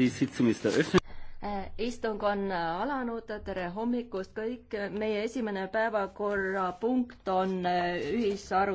Eh, istung on äh, alanud, tere hommikust kõik, meie esimene päevakorrapunkt on äh, ühisarutelu